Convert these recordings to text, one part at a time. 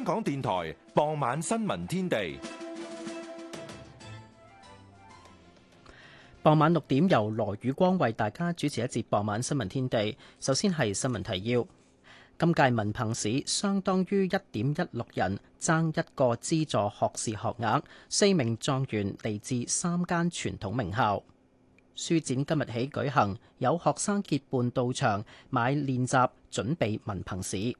香港電台傍晚新聞天地。傍晚六點，由羅宇光為大家主持一節傍晚新聞天地。首先係新聞提要：今屆文憑試相當於一點一六人爭一個資助學士學額，四名狀元嚟自三間傳統名校。書展今日起舉行，有學生結伴到場買練習，準備文憑試。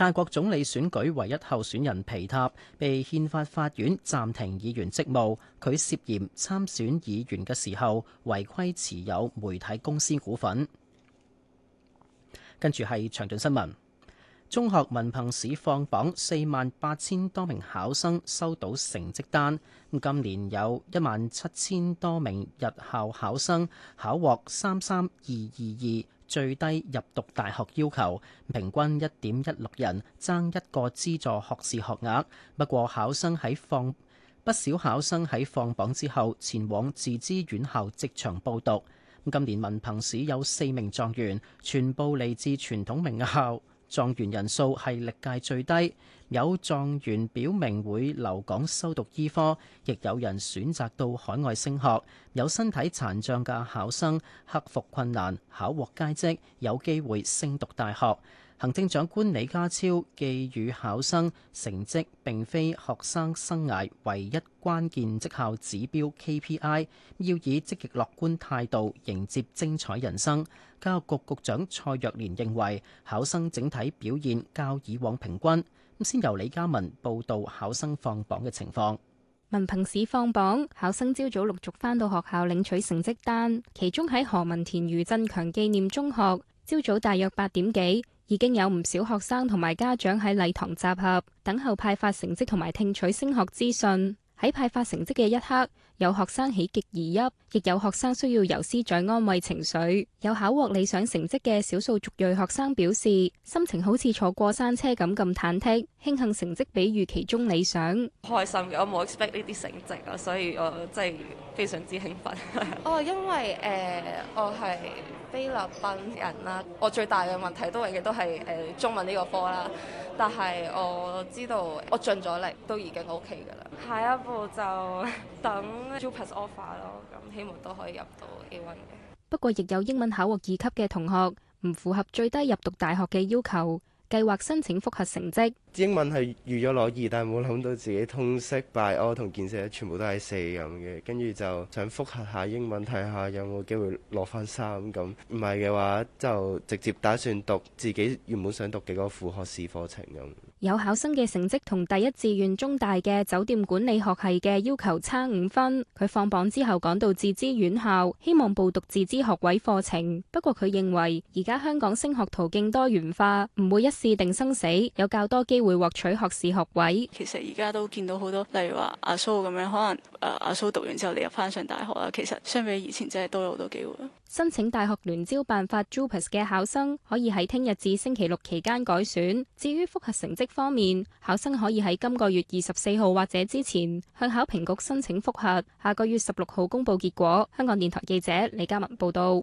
泰國總理選舉唯一候選人皮塔被憲法法院暫停議員職務，佢涉嫌參選議員嘅時候違規持有媒體公司股份。跟住係詳盡新聞：中學文憑試放榜，四萬八千多名考生收到成績單。咁今年有一萬七千多名日校考生考獲三三二二二。最低入讀大學要求，平均一點一六人爭一個資助學士學額，不過考生喺放不少考生喺放榜之後前往自資院校即場報讀。今年文憑試有四名狀元，全部嚟自傳統名校。狀元人數係歷屆最低，有狀元表明會留港修讀醫科，亦有人選擇到海外升學。有身體殘障嘅考生克服困難，考獲佳績，有機會升讀大學。行政長官李家超寄語考生，成績並非學生生涯唯一關鍵績效指標 KPI，要以積極樂觀態度迎接精彩人生。教育局局長蔡若蓮認為考生整體表現較以往平均。先由李嘉文報道考生放榜嘅情況。文憑試放榜，考生朝早陸續返到學校領取成績單，其中喺何文田余振強紀念中學，朝早大約八點幾。已經有唔少學生同埋家長喺禮堂集合，等候派發成績同埋聽取升學資訊。喺派發成績嘅一刻。有學生喜極而泣，亦有學生需要由師長安慰情緒。有考獲理想成績嘅少數族裔學生表示，心情好似坐過山車咁咁忐忑，慶幸成績比預期中理想。開心嘅，我冇 expect 呢啲成績啊，所以我真係非常之興奮。 哦，因為誒、呃，我係菲律賓人啦，我最大嘅問題都係，亦都係誒中文呢個科啦。但係我知道我盡咗力，都已經 O K 㗎啦。下一步就等 Jupas offer 咯，咁、 呃、希望都可以入到 A1 嘅。不過，亦有英文考獲二級嘅同學唔符合最低入讀大學嘅要求，計劃申請複核成績。英文係預咗攞二，但係冇諗到自己通識拜屙同建設全部都係四咁嘅，跟住就想複核下英文，睇下有冇機會攞翻三咁。唔係嘅話，就直接打算讀自己原本想讀嘅個副學士課程咁。有考生嘅成績同第一志願中大嘅酒店管理學系嘅要求差五分，佢放榜之後趕到自資院校，希望報讀自資學位課程。不過佢認為而家香港升學途徑多元化，唔會一試定生死，有較多機會獲取學士學位。其實而家都見到好多，例如話阿蘇咁樣，可能誒阿蘇讀完之後，你入翻上大學啦。其實相比以前，真係多咗好多機會。申請大學聯招辦法 JUPAS 嘅考生，可以喺聽日至星期六期間改選。至於復核成績方面，考生可以喺今個月二十四號或者之前向考評局申請復核，下個月十六號公布結果。香港電台記者李嘉文報道。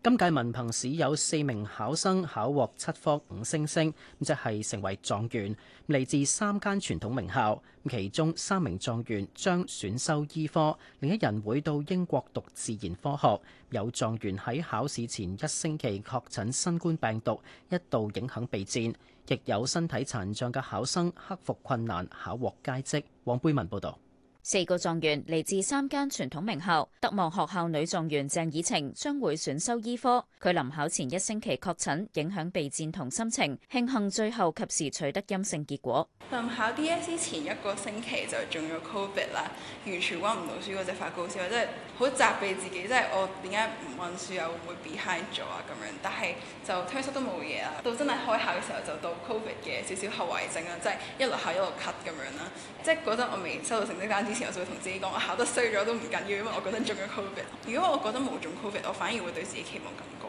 今屆文憑試有四名考生考獲七科五星星，咁即係成為狀元，嚟自三間傳統名校。其中三名狀元將選修醫科，另一人會到英國讀自然科學。有狀元喺考試前一星期確診新冠病毒，一度影響備戰，亦有身體殘障嘅考生克服困難考獲佳績。黃貝文報導。四個狀元嚟自三間傳統名校，德望學校女狀元鄭以晴將會選修醫科。佢臨考前一星期確診，影響備戰同心情。慶幸最後及時取得陰性結果。臨考 D S 之前一個星期就中咗 COVID 啦，完全溫唔到書，我只發高燒，即係。好責備自己，即係我點解唔運輸又會 behind 咗啊咁樣，但係就聽書都冇嘢啦。到真係開考嘅時候，就到 covid 嘅少少後遺症啊，即係一路考一路咳咁樣啦。即係覺得我未收到成績單之前，我就會同自己講我考得衰咗都唔緊要，因為我覺得中咗 covid。如果我覺得冇中 covid，我反而會對自己期望更高。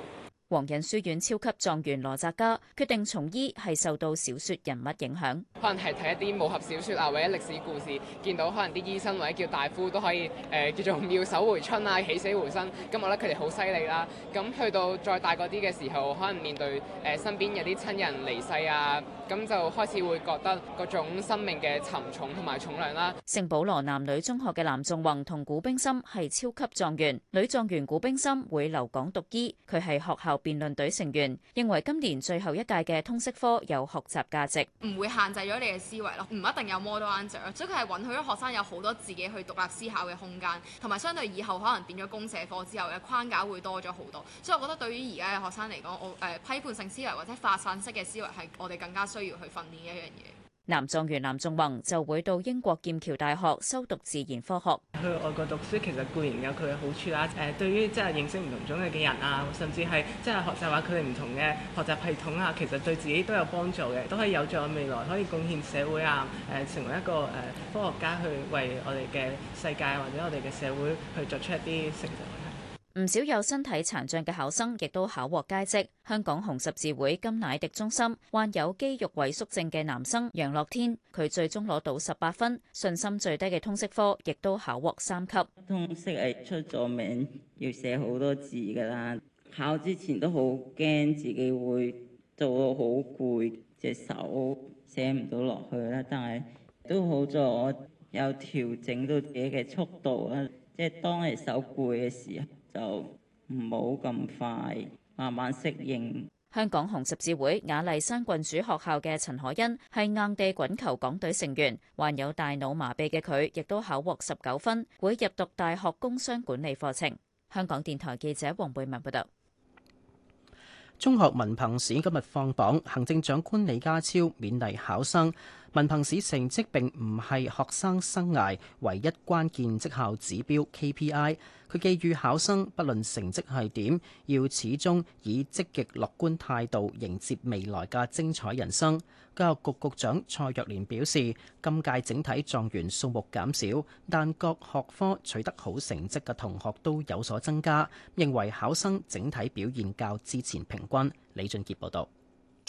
黃仁書院超級狀元羅澤嘉決定從醫，係受到小說人物影響。可能係睇一啲武俠小說啊，或者歷史故事，見到可能啲醫生或者叫大夫都可以，誒、呃，叫做妙手回春啊，起死回生，咁、嗯、我覺得佢哋好犀利啦。咁、嗯、去到再大個啲嘅時候，可能面對誒、呃、身邊有啲親人離世啊。咁就開始會覺得嗰種生命嘅沉重同埋重量啦。聖保羅男女中學嘅藍仲宏同古冰心係超級狀元，女狀元古冰心會留港讀醫，佢係學校辯論隊成員，認為今年最後一屆嘅通識科有學習價值，唔會限制咗你嘅思維咯，唔一定有 model answer，所以佢係允許咗學生有好多自己去獨立思考嘅空間，同埋相對以後可能變咗公社科之後嘅框架會多咗好多，所以我覺得對於而家嘅學生嚟講，我誒、呃、批判性思維或者發散式嘅思維係我哋更加需要去訓練一樣嘢。男狀元南仲宏就會到英國劍橋大學修讀自然科學。去外國讀書其實固然有佢嘅好處啦。誒，對於即係認識唔同種類嘅人啊，甚至係即係學習話佢哋唔同嘅學習系統啊，其實對自己都有幫助嘅，都可以有助未來可以貢獻社會啊。誒，成為一個誒科學家去為我哋嘅世界或者我哋嘅社會去作出一啲成就。唔少有身體殘障嘅考生，亦都考獲佳績。香港紅十字會金乃迪中心患有肌肉萎縮症嘅男生楊樂天，佢最終攞到十八分，信心最低嘅通識科亦都考獲三級。通識係出咗名，要寫好多字噶啦。考之前都好驚自己會做到好攰，隻手寫唔到落去啦。但係都好在我有調整到自己嘅速度啦，即係當你手攰嘅時候。就唔好咁快，慢慢適應。香港紅十字會雅麗珊郡主學校嘅陳可欣係硬地滾球港隊成員，患有大腦麻痹嘅佢亦都考獲十九分，會入讀大學工商管理課程。香港電台記者黃貝文報道。中學文憑試今日放榜，行政長官李家超勉勵考生。文憑試成績並唔係學生生涯唯一關鍵績效指標 KPI，佢寄語考生，不論成績係點，要始終以積極樂觀態度迎接未來嘅精彩人生。教育局局長蔡若蓮表示，今屆整體狀元數目減少，但各學科取得好成績嘅同學都有所增加，認為考生整體表現較之前平均。李俊傑報導。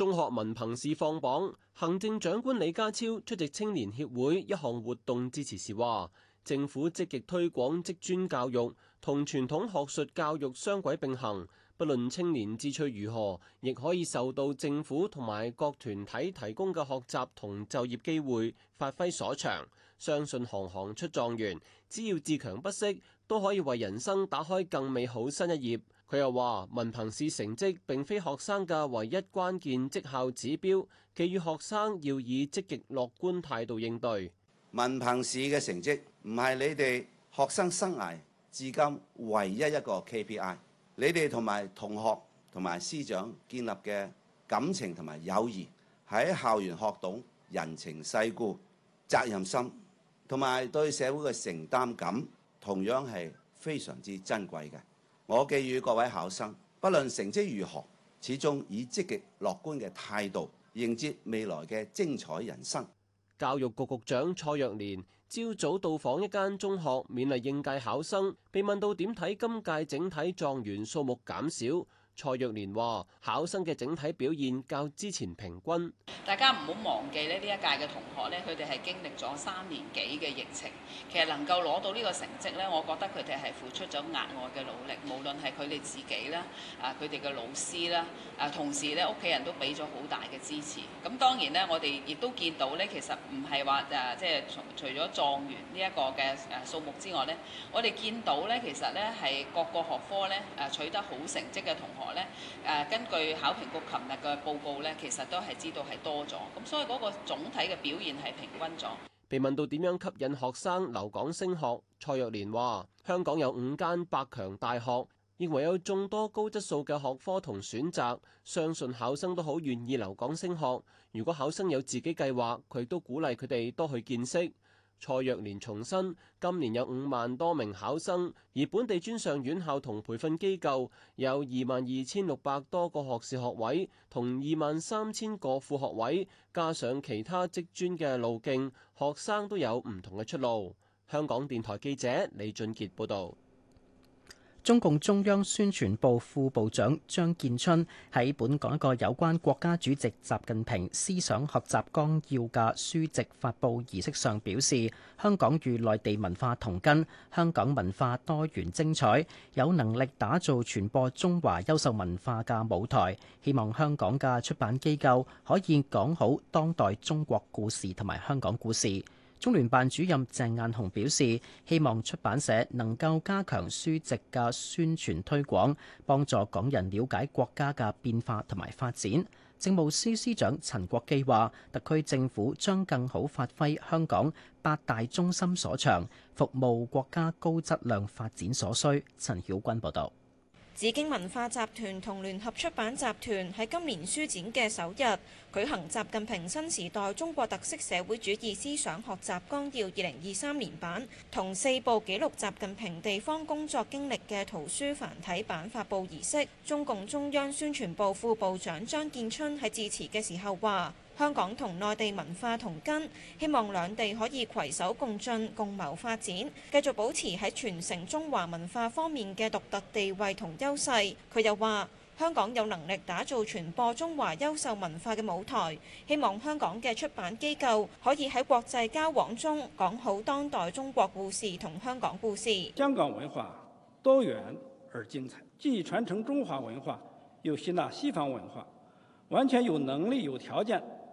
中學文憑試放榜，行政長官李家超出席青年協會一項活動致辭時話：政府積極推廣職專教育，同傳統學術教育雙軌並行，不論青年志趣如何，亦可以受到政府同埋各團體提供嘅學習同就業機會，發揮所長。相信行行出狀元，只要自強不息，都可以為人生打開更美好新一頁。佢又話：文憑試成績並非學生嘅唯一關鍵績效指標，寄予學生要以積極樂觀態度應對。文憑試嘅成績唔係你哋學生生涯至今唯一一個 KPI。你哋同埋同學同埋師長建立嘅感情同埋友誼，喺校園學懂人情世故、責任心同埋對社會嘅承擔感，同樣係非常之珍貴嘅。我寄語各位考生，不論成績如何，始終以積極樂觀嘅態度迎接未來嘅精彩人生。教育局局長蔡若蓮朝早到訪一間中學，勉勵應屆考生，被問到點睇今屆整體狀元數目減少。蔡若蓮話：考生嘅整體表現較之前平均。大家唔好忘記呢，呢一屆嘅同學呢，佢哋係經歷咗三年幾嘅疫情，其實能夠攞到呢個成績呢，我覺得佢哋係付出咗額外嘅努力，無論係佢哋自己啦，啊，佢哋嘅老師啦，啊，同時呢，屋企人都俾咗好大嘅支持。咁當然呢，我哋亦都見到呢，其實唔係話誒，即係除除咗狀元呢一個嘅誒數目之外呢，我哋見到呢，其實呢，係各個學科呢，誒、啊、取得好成績嘅同學。咧根據考評局琴日嘅報告咧，其實都係知道係多咗，咁所以嗰個總體嘅表現係平均咗。被問到點樣吸引學生留港升學，蔡若蓮話：香港有五間百強大學，認為有眾多高質素嘅學科同選擇，相信考生都好願意留港升學。如果考生有自己計劃，佢都鼓勵佢哋多去見識。蔡若蓮重申，今年有五萬多名考生，而本地專上院校同培訓機構有二萬二千六百多個學士學位同二萬三千個副學位，加上其他職專嘅路徑，學生都有唔同嘅出路。香港電台記者李俊杰報道。中共中央宣傳部副部長張建春喺本港一個有關國家主席習近平思想學習綱要嘅書籍發佈儀式上表示：香港與內地文化同根，香港文化多元精彩，有能力打造傳播中華優秀文化嘅舞台。希望香港嘅出版機構可以講好當代中國故事同埋香港故事。中聯辦主任鄭雁雄表示，希望出版社能夠加強書籍嘅宣傳推廣，幫助港人了解國家嘅變化同埋發展。政務司司長陳國基話，特區政府將更好發揮香港八大中心所長，服務國家高質量發展所需。陳曉君報導。紫荊文化集團同聯合出版集團喺今年書展嘅首日舉行習近平新時代中國特色社會主義思想學習綱要二零二三年版同四部記錄習近平地方工作經歷嘅圖書繁體版發布儀式。中共中央宣傳部副部長張建春喺致辭嘅時候話。香港同內地文化同根，希望兩地可以攜手共進、共謀發展，繼續保持喺傳承中華文化方面嘅獨特地位同優勢。佢又話：香港有能力打造傳播中華優秀文化嘅舞台，希望香港嘅出版機構可以喺國際交往中講好當代中國故事同香港故事。香港文化多元而精彩，既傳承中華文化，又吸納西方文化，完全有能力、有條件。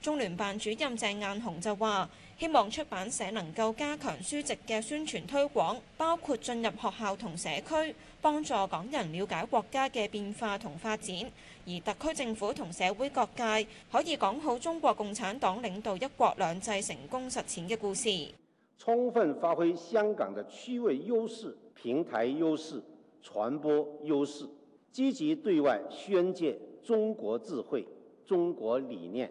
中聯辦主任鄭雁雄就話，希望出版社能夠加強書籍嘅宣傳推廣，包括進入學校同社區，幫助港人了解國家嘅變化同發展。而特區政府同社會各界可以講好中國共產黨領導一國兩制成功實踐嘅故事。充分發揮香港嘅區位優勢、平台優勢、傳播優勢，積極對外宣介中國智慧、中國理念、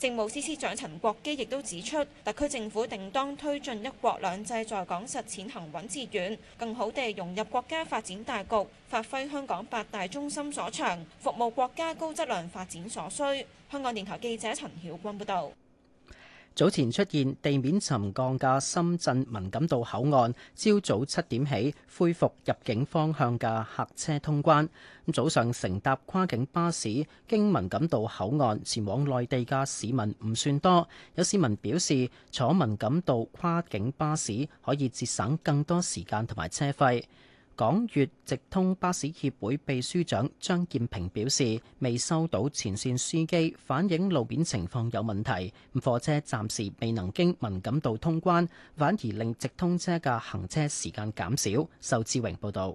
政務司司長陳國基亦都指出，特區政府定當推進一國兩制在港實踐行穩致遠，更好地融入國家發展大局，發揮香港八大中心所長，服務國家高質量發展所需。香港電台記者陳曉君報導。早前出現地面沉降嘅深圳文錦渡口岸，朝早七點起恢復入境方向嘅客車通關。咁早上乘搭跨境巴士經文錦渡口岸前往內地嘅市民唔算多，有市民表示坐文錦渡跨境巴士可以節省更多時間同埋車費。港粵直通巴士協會秘書長張建平表示，未收到前線司機反映路面情況有問題，貨車暫時未能經文錦渡通關，反而令直通車嘅行車時間減少。仇志榮報道。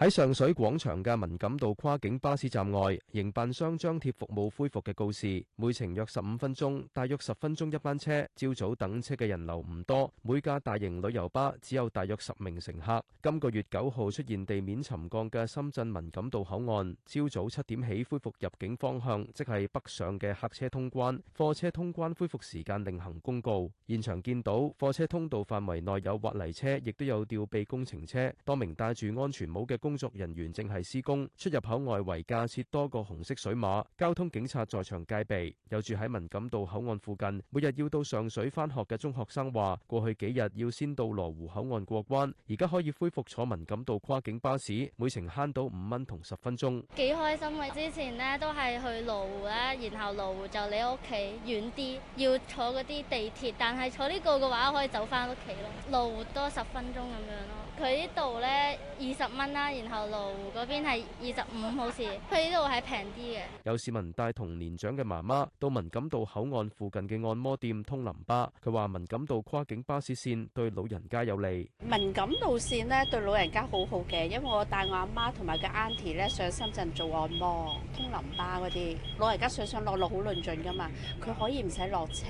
喺上水廣場嘅文錦渡跨境巴士站外，營辦商張貼服務恢復嘅告示，每程約十五分鐘，大約十分鐘一班車。朝早等車嘅人流唔多，每架大型旅遊巴只有大約十名乘客。今個月九號出現地面沉降嘅深圳文錦渡口岸，朝早七點起恢復入境方向，即係北上嘅客車通關，貨車通關恢復時間另行公告。現場見到貨車通道範圍內有挖泥車，亦都有弔臂工程車，多名戴住安全帽嘅工。工作人員正係施工，出入口外圍架設多個紅色水馬，交通警察在場戒備。有住喺文錦渡口岸附近，每日要到上水返學嘅中學生話：過去幾日要先到羅湖口岸過關，而家可以恢復坐文錦渡跨境巴士，每程慳到五蚊同十分鐘。幾開心嘅，之前呢都係去羅湖啦，然後羅湖就離屋企遠啲，要坐嗰啲地鐵，但係坐呢個嘅話可以走返屋企咯，羅湖多十分鐘咁樣咯。佢呢度呢二十蚊啦，然後羅湖嗰邊係二十五，好似佢呢度係平啲嘅。有市民帶同年長嘅媽媽到文錦渡口岸附近嘅按摩店通淋巴，佢話文錦渡跨境巴士線對老人家有利。文錦渡線呢對老人家好好嘅，因為我帶我阿媽同埋個 auntie 呢上深圳做按摩、通淋巴，嗰啲老人家上上落落好論盡㗎嘛，佢可以唔使落車，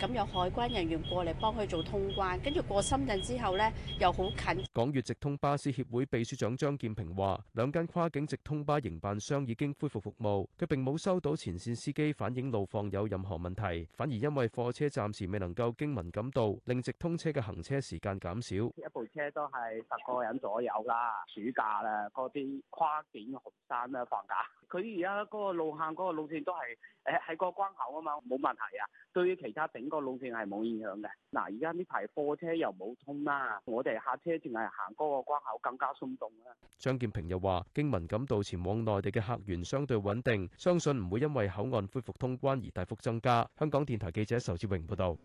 咁有海關人員過嚟幫佢做通關，跟住過深圳之後呢又好近。港粵直通巴士協會秘書長張建平話，兩間跨境直通巴營辦商已經恢復服務，佢並冇收到前線司機反映路況有任何問題，反而因為貨車暫時未能夠經文錦渡，令直通車嘅行車時間減少。一部車都係十個人左右啦，暑假啦，嗰啲跨境學生咧放假。佢而家嗰個路行嗰個路線都係，誒喺個關口啊嘛，冇問題啊。對於其他整個路線係冇影響嘅。嗱，而家呢排貨車又冇通啦，啊，我哋客車淨係行嗰個關口更加鬆動啦，啊。張建平又話，經民感道前往內地嘅客源相對穩定，相信唔會因為口岸恢復通關而大幅增加。香港電台記者仇志榮報道。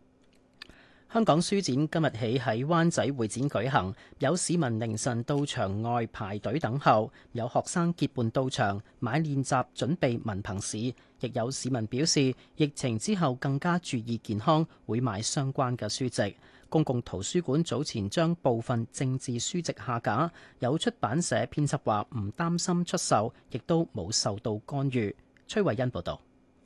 香港書展今日起喺灣仔會展舉行，有市民凌晨到場外排隊等候，有學生結伴到場買練習準備文憑試，亦有市民表示疫情之後更加注意健康，會買相關嘅書籍。公共圖書館早前將部分政治書籍下架，有出版社編輯話唔擔心出售，亦都冇受到干預。崔慧欣報道。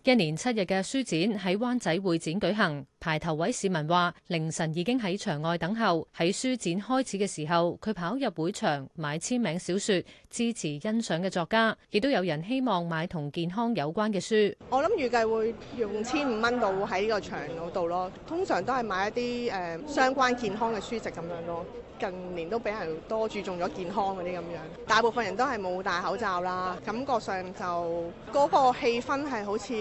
一年七日嘅書展喺灣仔會展舉行，排頭位市民話凌晨已經喺場外等候，喺書展開始嘅時候，佢跑入會場買簽名小說支持欣賞嘅作家，亦都有人希望買同健康有關嘅書。我諗預計會用千五蚊，度喺呢個場度咯，通常都係買一啲誒相關健康嘅書籍咁樣咯。近年都比較多注重咗健康嗰啲咁樣，大部分人都係冇戴口罩啦，感覺上就嗰、那個氣氛係好似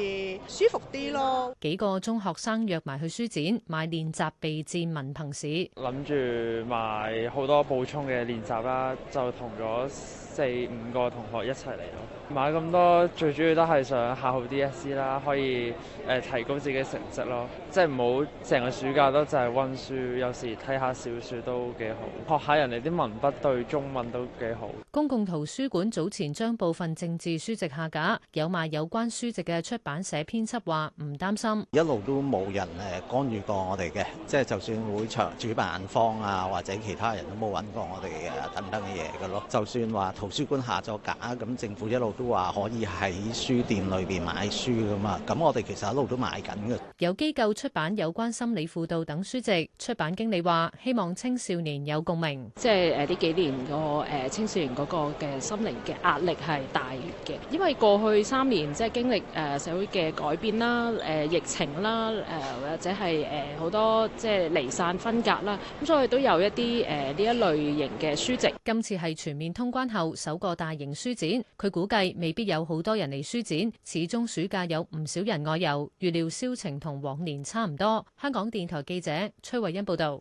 舒服啲咯。幾個中學生約埋去書展買練習備戰文憑試，諗住買好多補充嘅練習啦，就同咗。四五個同學一齊嚟咯，買咁多最主要都係想考好啲 DSE 啦，可以誒、呃、提高自己成績咯。即係唔好成個暑假都就係温書，有時睇下小說都幾好，學下人哋啲文筆對中文都幾好。公共圖書館早前將部分政治書籍下架，有賣有關書籍嘅出版社編輯話唔擔心，一路都冇人誒干預過我哋嘅，即係就算會場主辦方啊或者其他人都冇揾過我哋嘅等等嘅嘢㗎囉。就算話圖書館下咗架，咁政府一路都話可以喺書店裏邊買書噶嘛，咁我哋其實一路都買緊㗎。有機構出版有關心理輔導等書籍，出版經理話希望青少年有共鳴，即係誒呢幾年個誒青少年個嘅心靈嘅壓力係大嘅，因為過去三年即係經歷誒社會嘅改變啦、誒疫情啦、誒或者係誒好多即係離散分隔啦，咁所以都有一啲誒呢一類型嘅書籍。今次係全面通關後首個大型書展，佢估計未必有好多人嚟書展，始終暑假有唔少人外遊，預料銷情同往年差唔多。香港電台記者崔慧欣報道。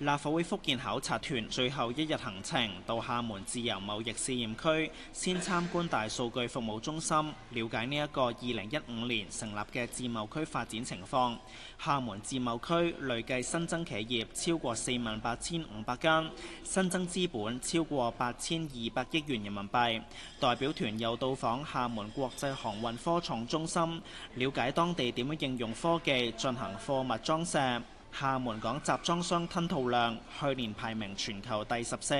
立法會福建考察團最後一日行程到廈門自由貿易試驗區，先參觀大數據服務中心，了解呢一個二零一五年成立嘅自貿區發展情況。廈門自貿區累計新增企業超過四萬八千五百間，新增資本超過八千二百億元人民幣。代表團又到訪廈門國際航運科創中心，了解當地點樣應用科技進行貨物裝卸。廈門港集裝箱吞吐量去年排名全球第十四，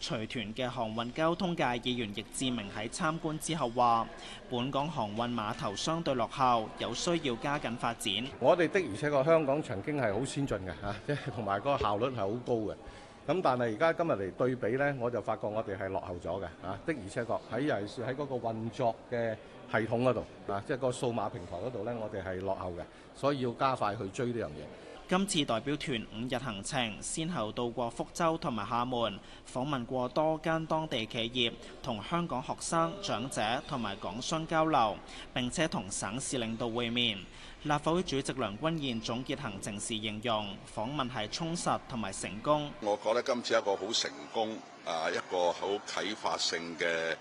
隨團嘅航運交通界議員易志明喺參觀之後話，本港航運碼頭相對落後，有需要加緊發展。我哋的而且確香港曾經係好先進嘅吓，即係同埋個效率係好高嘅。咁但係而家今日嚟對比咧，我就發覺我哋係落後咗嘅嚇。的而且確喺尤其是喺嗰個運作嘅系統嗰度啊，即係個數碼平台嗰度咧，我哋係落後嘅，所以要加快去追呢樣嘢。今次代表團五日行程，先後到過福州同埋廈門，訪問過多間當地企業，同香港學生、長者同埋港商交流，並且同省市領導會面。立法會主席梁君彥總結行程時形容訪問係充實同埋成功。我覺得今次一個好成功啊，一個好啟發性嘅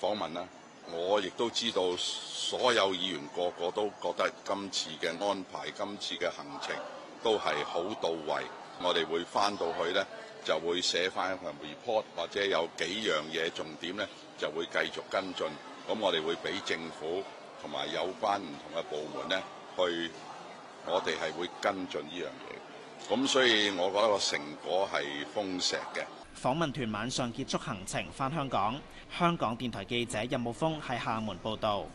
訪問啦。我亦都知道所有議員個個都覺得今次嘅安排、今次嘅行程。都係好到位，我哋會翻到去呢，就會寫翻一份 report，或者有幾樣嘢重點呢，就會繼續跟進。咁我哋會俾政府同埋有關唔同嘅部門呢，去我哋係會跟進呢樣嘢。咁所以我覺得個成果係豐碩嘅。訪問團晚上結束行程，翻香港。香港電台記者任武峯喺廈門報道。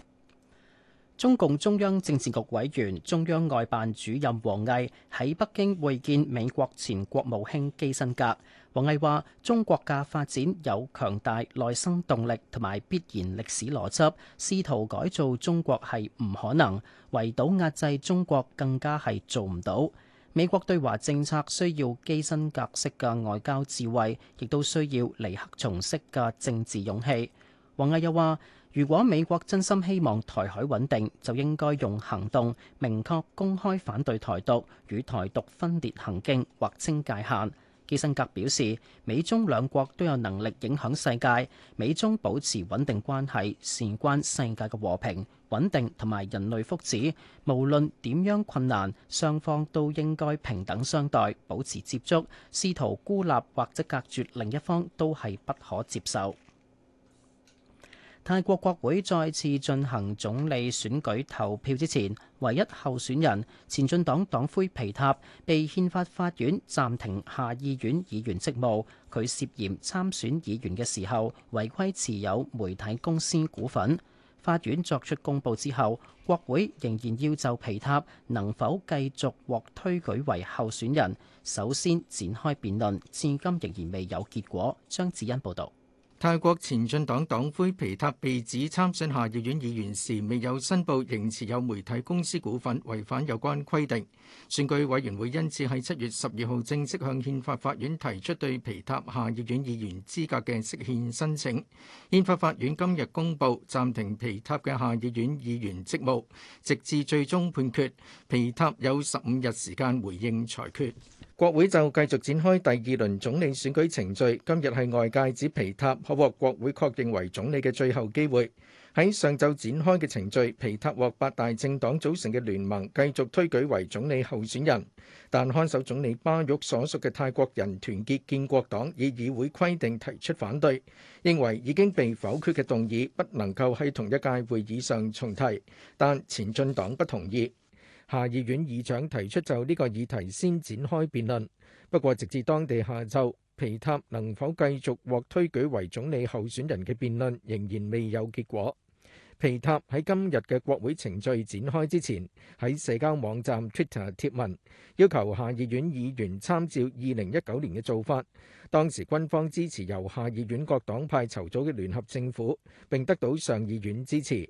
中共中央政治局委員、中央外辦主任王毅喺北京會見美國前國務卿基辛格。王毅話中國嘅發展有強大內生動力同埋必然歷史邏輯，試圖改造中國係唔可能，圍堵壓制中國更加係做唔到。美國對華政策需要基辛格式嘅外交智慧，亦都需要尼克松式嘅政治勇氣。王毅又話，如果美國真心希望台海穩定，就應該用行動明確公開反對台獨，與台獨分裂行徑劃清界限。基辛格表示，美中兩國都有能力影響世界，美中保持穩定關係，事關世界嘅和平穩定同埋人類福祉。無論點樣困難，雙方都應該平等相待，保持接觸，試圖孤立或者隔絕另一方都係不可接受。泰國國會再次進行總理選舉投票之前，唯一候選人前進黨黨魁皮塔被憲法法院暫停下議院議員職務。佢涉嫌參選議員嘅時候違規持有媒體公司股份。法院作出公佈之後，國會仍然要就皮塔能否繼續獲推舉為候選人，首先展開辯論。至今仍然未有結果。張子欣報導。泰國前進黨黨魁皮塔被指參選下議院議員時未有申報仍持有媒體公司股份，違反有關規定。選舉委員會因此喺七月十二號正式向憲法法院提出對皮塔下議院議員資格嘅釋憲申請。憲法法院今日公佈暫停皮塔嘅下議院議員職務，直至最終判決。皮塔有十五日時間回應裁決。國會就繼續展開第二輪總理選舉程序，今日係外界指皮塔可獲國會確定為總理嘅最後機會。喺上晝展開嘅程序，皮塔獲八大政黨組成嘅聯盟繼續推舉為總理候選人，但看守總理巴育所屬嘅泰國人團結建國黨以議會規定提出反對，認為已經被否決嘅動議不能夠喺同一屆會議上重提，但前進黨不同意。下議院議長提出就呢個議題先展開辯論，不過直至當地下晝，皮塔能否繼續獲推舉為總理候選人嘅辯論仍然未有結果。皮塔喺今日嘅國會程序展開之前，喺社交網站 Twitter 貼文，要求下議院議員參照二零一九年嘅做法，當時軍方支持由下議院各黨派籌組嘅聯合政府，並得到上議院支持。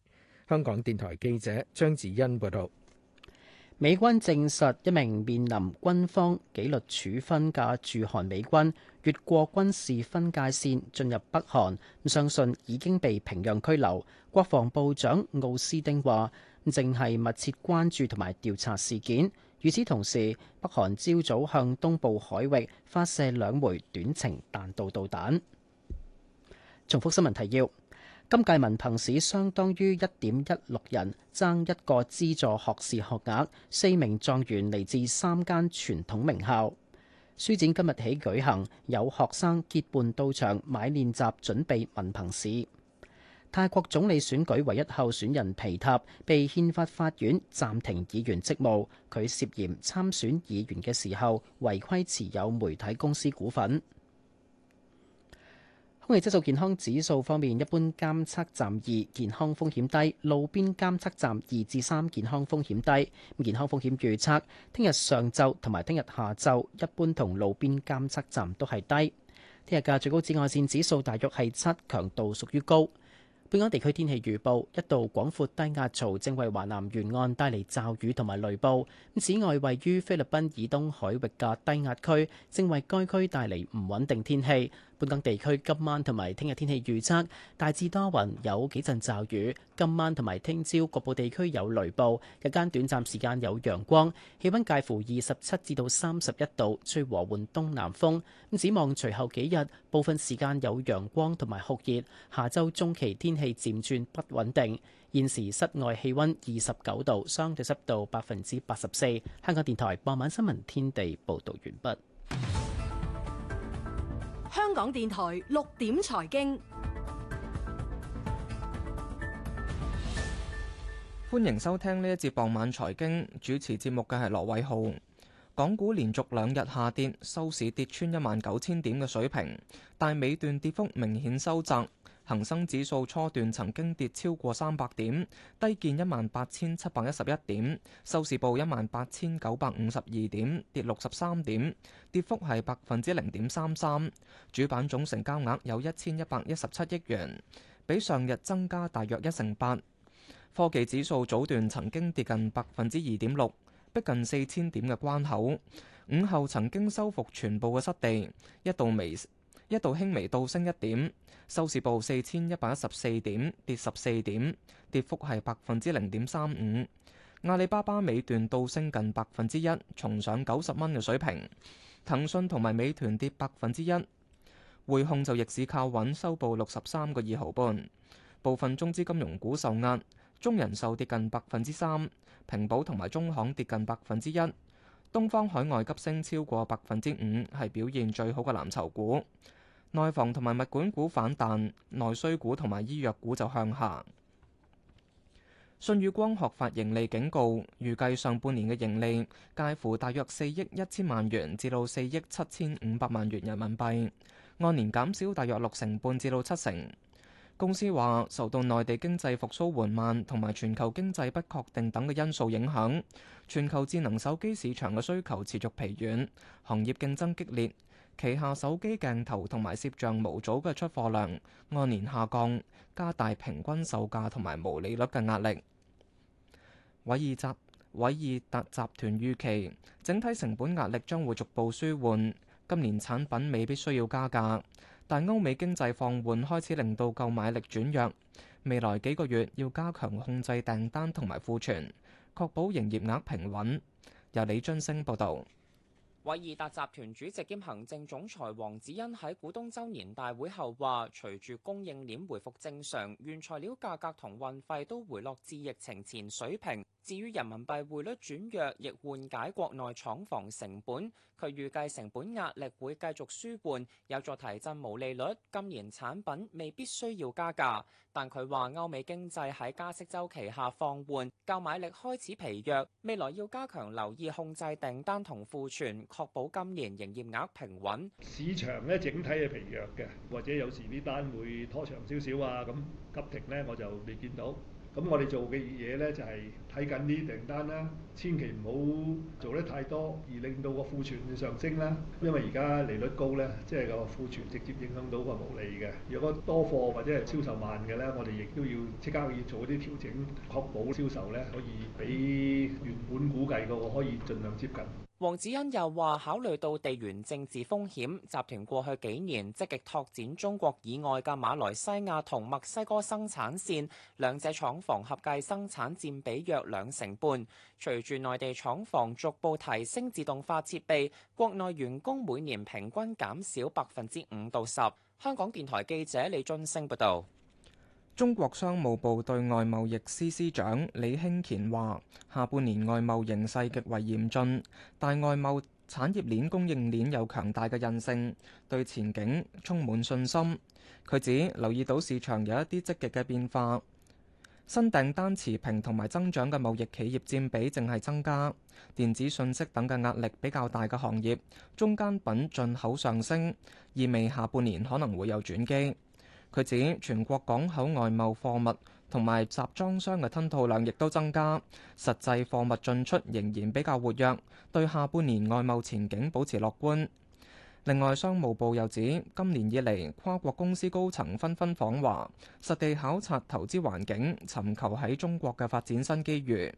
香港電台記者張子欣報道：美軍證實一名面臨軍方紀律處分嘅駐韓美軍越過軍事分界線進入北韓，相信已經被平壤拘留。國防部長奧斯丁話：正係密切關注同埋調查事件。與此同時，北韓朝早向東部海域發射兩枚短程彈道導彈。重複新聞提要。今屆文憑試相當於一點一六人爭一個資助學士學額，四名狀元嚟自三間傳統名校。書展今日起舉行，有學生結伴到場買練習準備文憑試。泰國總理選舉唯一候選人皮塔被憲法法院暫停議員職務，佢涉嫌參選議員嘅時候違規持有媒體公司股份。空氣質素健康指數方面，一般監測站二，健康風險低；路邊監測站二至三，健康風險低。健康風險預測，聽日上晝同埋聽日下晝，一般同路邊監測站都係低。聽日嘅最高紫外線指數大約係七，強度屬於高。本港地區天氣預報，一道廣闊低壓槽正為華南沿岸帶嚟驟雨同埋雷暴。咁此外，位於菲律賓以東海域嘅低壓區正為該區帶嚟唔穩定天氣。本港地區今晚同埋聽日天氣預測大致多雲，有幾陣驟雨。今晚同埋聽朝局部地區有雷暴，日間短暫時間有陽光。氣温介乎二十七至到三十一度，吹和緩東南風。咁指望隨後幾日部分時間有陽光同埋酷熱。下周中期天氣漸轉不穩定。現時室外氣温二十九度，相對濕度百分之八十四。香港電台傍晚新聞天地報導完畢。香港電台六點財經，歡迎收聽呢一節傍晚財經，主持節目嘅係羅偉浩。港股連續兩日下跌，收市跌穿一萬九千點嘅水平，但尾段跌幅明顯收窄。恒生指數初段曾經跌超過三百點，低見一萬八千七百一十一點，收市報一萬八千九百五十二點，跌六十三點，跌幅係百分之零點三三。主板總成交額有一千一百一十七億元，比上日增加大約一成八。科技指數早段曾經跌近百分之二點六，逼近四千點嘅關口，午後曾經收復全部嘅失地，一度微。一度輕微倒升一點，收市報四千一百一十四點，跌十四點，跌幅係百分之零點三五。阿里巴巴尾段倒升近百分之一，重上九十蚊嘅水平。騰訊同埋美團跌百分之一，匯控就逆市靠穩，收報六十三個二毫半。部分中資金融股受壓，中人壽跌近百分之三，平保同埋中行跌近百分之一。東方海外急升超過百分之五，係表現最好嘅藍籌股。內房同埋物管股反彈，內需股同埋醫藥股就向下。舜宇光學發盈利警告，預計上半年嘅盈利介乎大約四億一千萬元至到四億七千五百萬元人民幣，按年減少大約六成半至到七成。公司話受到內地經濟復甦緩慢同埋全球經濟不確定等嘅因素影響，全球智能手機市場嘅需求持續疲軟，行業競爭激烈。旗下手機鏡頭同埋攝像模組嘅出貨量按年下降，加大平均售價同埋毛利率嘅壓力。偉易集、偉易達集團預期整體成本壓力將會逐步舒緩，今年產品未必需要加價，但歐美經濟放緩開始令到購買力轉弱，未來幾個月要加強控制訂單同埋庫存，確保營業額平穩。由李津升報導。偉易達集團主席兼行政總裁黃子欣喺股東周年大會後，話，隨住供應鏈回復正常，原材料價格同運費都回落至疫情前水平。至於人民幣匯率轉弱，亦緩解國內廠房成本。佢預計成本壓力會繼續舒緩，有助提振毛利率。今年產品未必需要加價，但佢話歐美經濟喺加息周期下放緩，購買力開始疲弱。未來要加強留意控制訂單同庫存，確保今年營業額平穩。市場呢，整體係疲弱嘅，或者有時呢單會拖長少少啊，咁急停呢，我就未見到。咁我哋做嘅嘢呢，就係睇緊啲訂單啦，千祈唔好做得太多而令到個庫存上升啦，因為而家利率高呢，即係個庫存直接影響到個毛利嘅。如果多貨或者係銷售慢嘅呢，我哋亦都要即刻要做啲調整，確保銷售呢可以比原本估計個可以盡量接近。黃子欣又話：考慮到地緣政治風險，集團過去幾年積極拓展中國以外嘅馬來西亞同墨西哥生產線，兩者廠房合計生產佔比約兩成半。隨住內地廠房逐步提升自動化設備，國內員工每年平均減少百分之五到十。香港電台記者李俊升報道。中國商務部對外貿易司司長李興乾話，下半年外貿形勢極為嚴峻，但外貿產業鏈供應鏈有強大嘅韌性，對前景充滿信心。佢指留意到市場有一啲積極嘅變化，新訂單持平同埋增長嘅貿易企業佔比正係增加，電子信息等嘅壓力比較大嘅行業，中間品進口上升，意味下半年可能會有轉機。佢指全國港口外貿貨物同埋集裝箱嘅吞吐量亦都增加，實際貨物進出仍然比較活躍，對下半年外貿前景保持樂觀。另外，商務部又指，今年以嚟，跨國公司高層紛紛訪華，實地考察投資環境，尋求喺中國嘅發展新機遇，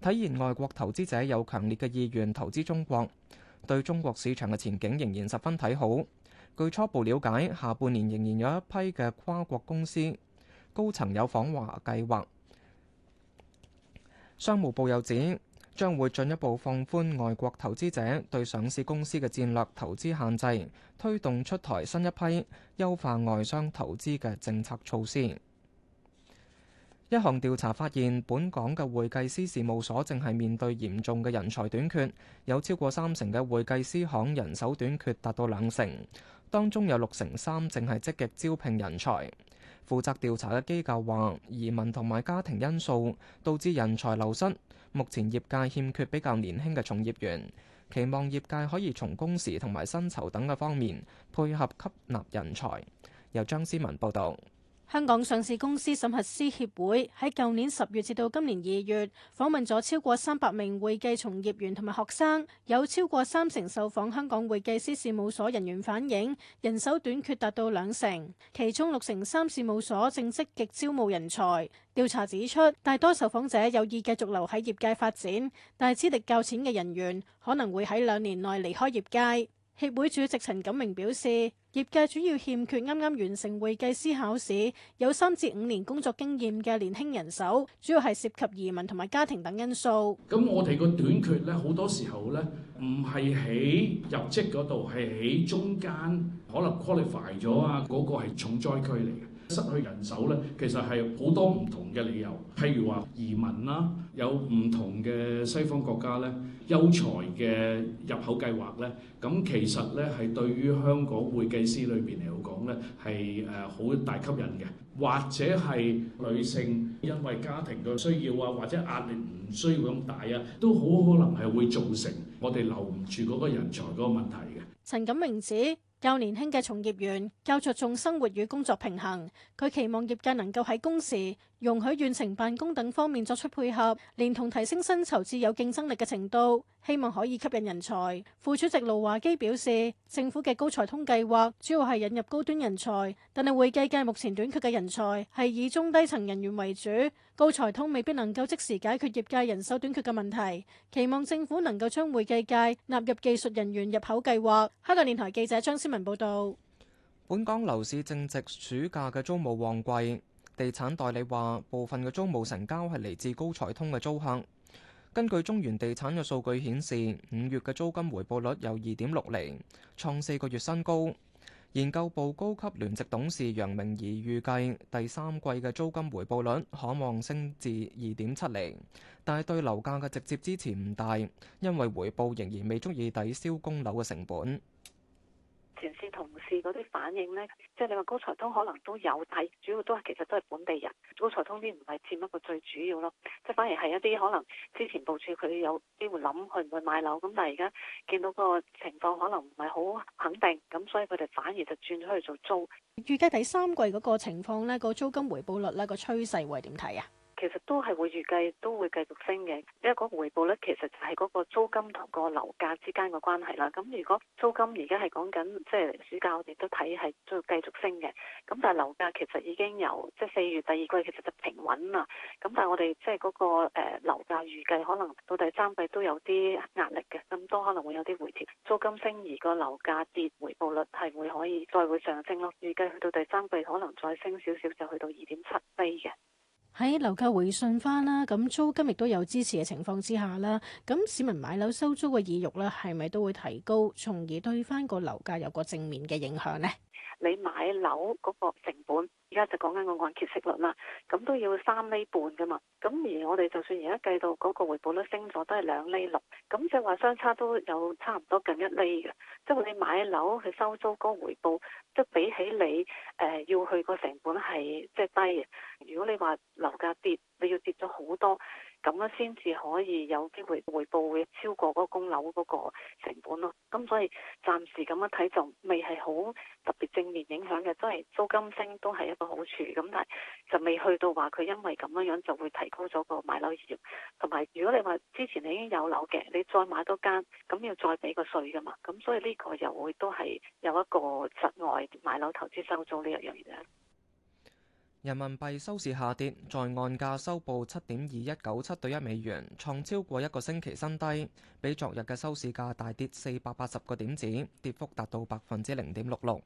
體現外國投資者有強烈嘅意願投資中國，對中國市場嘅前景仍然十分睇好。據初步了解，下半年仍然有一批嘅跨國公司高層有訪華計劃。商務部又指，將會進一步放寬外國投資者對上市公司嘅戰略投資限制，推動出台新一批優化外商投資嘅政策措施。一項調查發現，本港嘅會計師事務所正係面對嚴重嘅人才短缺，有超過三成嘅會計師行人手短缺達到兩成，當中有六成三正係積極招聘人才。負責調查嘅機構話，移民同埋家庭因素導致人才流失，目前業界欠缺比較年輕嘅從業員，期望業界可以從工時同埋薪酬等嘅方面配合吸納人才。由張思文報導。香港上市公司審核師協會喺舊年十月至到今年二月，訪問咗超過三百名會計從業員同埋學生，有超過三成受訪香港會計師事務所人員反映，人手短缺達到兩成，其中六成三事務所正積極招募人才。調查指出，大多受訪者有意繼續留喺業界發展，但係資歷較淺嘅人員可能會喺兩年內離開業界。協會主席陳錦明表示：業界主要欠缺啱啱完成會計師考試、有三至五年工作經驗嘅年輕人手，主要係涉及移民同埋家庭等因素。咁我哋個短缺呢，好多時候呢唔係喺入職嗰度，係喺中間可能 qualify 咗啊，嗰個係重災區嚟嘅。失去人手呢，其實係好多唔同嘅理由，譬如話移民啦，有唔同嘅西方國家呢，優才嘅入口計劃呢，咁其實呢係對於香港會計師裏面嚟講呢，係誒好大吸引嘅，或者係女性因為家庭嘅需要啊，或者壓力唔需要咁大啊，都好可能係會造成我哋留唔住嗰個人才嗰個問題嘅。陳錦明指。較年輕嘅從業員較着重生活與工作平衡，佢期望業界能夠喺公事，容許遠程辦公等方面作出配合，連同提升薪酬至有競爭力嘅程度，希望可以吸引人才。副主席盧華基表示，政府嘅高才通計劃主要係引入高端人才，但係會計界目前短缺嘅人才係以中低層人員為主，高才通未必能夠即時解決業界人手短缺嘅問題。期望政府能夠將會計界納入技術人員入口計劃。香港電台記者張思文報道。本港樓市正值暑假嘅租務旺季。地產代理話，部分嘅租務成交係嚟自高財通嘅租客。根據中原地產嘅數據顯示，五月嘅租金回報率有二點六厘，創四個月新高。研究部高級聯席董事楊明儀預計，第三季嘅租金回報率可望升至二點七厘，但係對樓價嘅直接支持唔大，因為回報仍然未足以抵消供樓嘅成本。前線同事嗰啲反應呢，即係你話高才通可能都有，但主要都係其實都係本地人，高才通啲唔係佔一個最主要咯，即係反而係一啲可能之前部署佢有機會諗去唔去買樓，咁但係而家見到個情況可能唔係好肯定，咁所以佢哋反而就轉咗去做租。預計第三季嗰個情況呢，個租金回報率呢，個趨勢會係點睇啊？其實都係會預計都會繼續升嘅，因為嗰個回報呢，其實就係嗰個租金同個樓價之間嘅關係啦。咁如果租金而家係講緊，即係暑假我哋都睇係都要繼續升嘅。咁但係樓價其實已經由即係四月第二季其實就平穩啦。咁但係我哋即係嗰個誒樓價預計可能到第三季都有啲壓力嘅，咁都可能會有啲回調。租金升而個樓價跌，回報率係會可以再會上升咯。預計去到第三季可能再升少少，少就去到二點七飛嘅。喺樓價回順翻啦，咁租金亦都有支持嘅情況之下啦，咁市民買樓收租嘅意欲咧，係咪都會提高，從而對翻個樓價有個正面嘅影響咧？你買樓嗰個成本，而家就講緊個按揭息率啦，咁都要三厘半㗎嘛。咁而我哋就算而家計到嗰個回報率升咗，都係兩厘六，咁即係話相差都有差唔多近一厘嘅。即係你買樓去收租嗰個回報，即係比起你誒要去個成本係即係低嘅。如果你話樓價跌，你要跌咗好多。咁樣先至可以有機會回報會超過嗰個供樓嗰個成本咯，咁所以暫時咁樣睇就未係好特別正面影響嘅。都、就、係、是、租金升都係一個好處，咁但係就未去到話佢因為咁樣樣就會提高咗個買樓業，同埋如果你話之前你已經有樓嘅，你再買多間，咁要再俾個稅噶嘛，咁所以呢個又會都係有一個額外買樓投資收租呢一樣嘢人民幣收市下跌，在岸價收報七點二一九七對一美元，創超過一個星期新低，比昨日嘅收市價大跌四百八十個點子，跌幅達到百分之零點六六。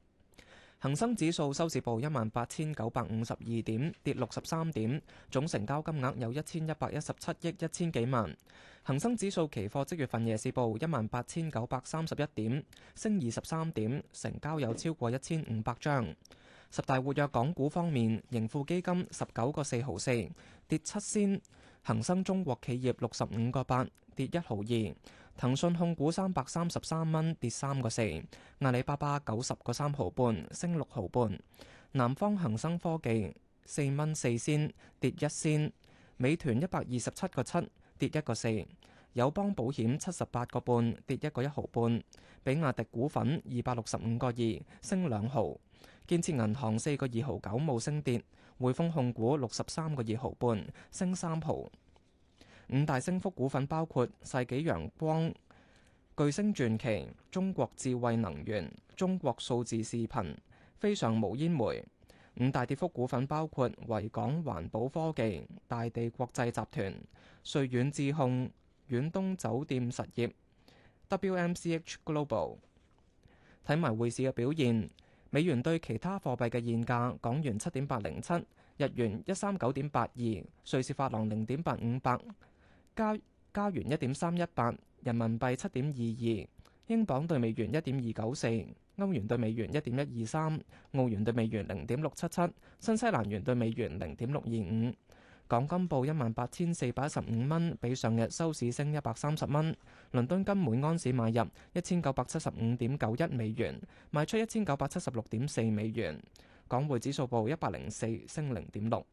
恒生指數收市報一萬八千九百五十二點，跌六十三點，總成交金額有一千一百一十七億一千幾萬。恒生指數期貨即月份夜市報一萬八千九百三十一點，升二十三點，成交有超過一千五百張。十大活躍港股方面，盈富基金十九個四毫四跌七仙，恒生中國企業六十五個八跌一毫二，騰訊控股三百三十三蚊跌三個四，阿里巴巴九十個三毫半升六毫半，南方恒生科技四蚊四仙跌一仙，美團一百二十七個七跌一個四，友邦保險七十八個半跌一個一毫半，比亞迪股份二百六十五個二升兩毫。建設銀行四個二毫九冇升跌，匯豐控股六十三個二毫半升三毫。五大升幅股份包括世紀陽光、巨星傳奇、中國智慧能源、中國數字視頻、非常無煙煤。五大跌幅股份包括維港環保科技、大地國際集團、瑞遠智控、遠東酒店實業、WMCH Global。睇埋匯市嘅表現。美元對其他貨幣嘅現價：港元七點八零七，日元一三九點八二，瑞士法郎零點八五八，加加元一點三一八，人民幣七點二二，英鎊對美元一點二九四，歐元對美元一點一二三，澳元對美元零點六七七，新西蘭元對美元零點六二五。港金報一萬八千四百十五蚊，比上日收市升一百三十蚊。倫敦金每安士買入一千九百七十五點九一美元，賣出一千九百七十六點四美元。港匯指數報一百零四，升零點六。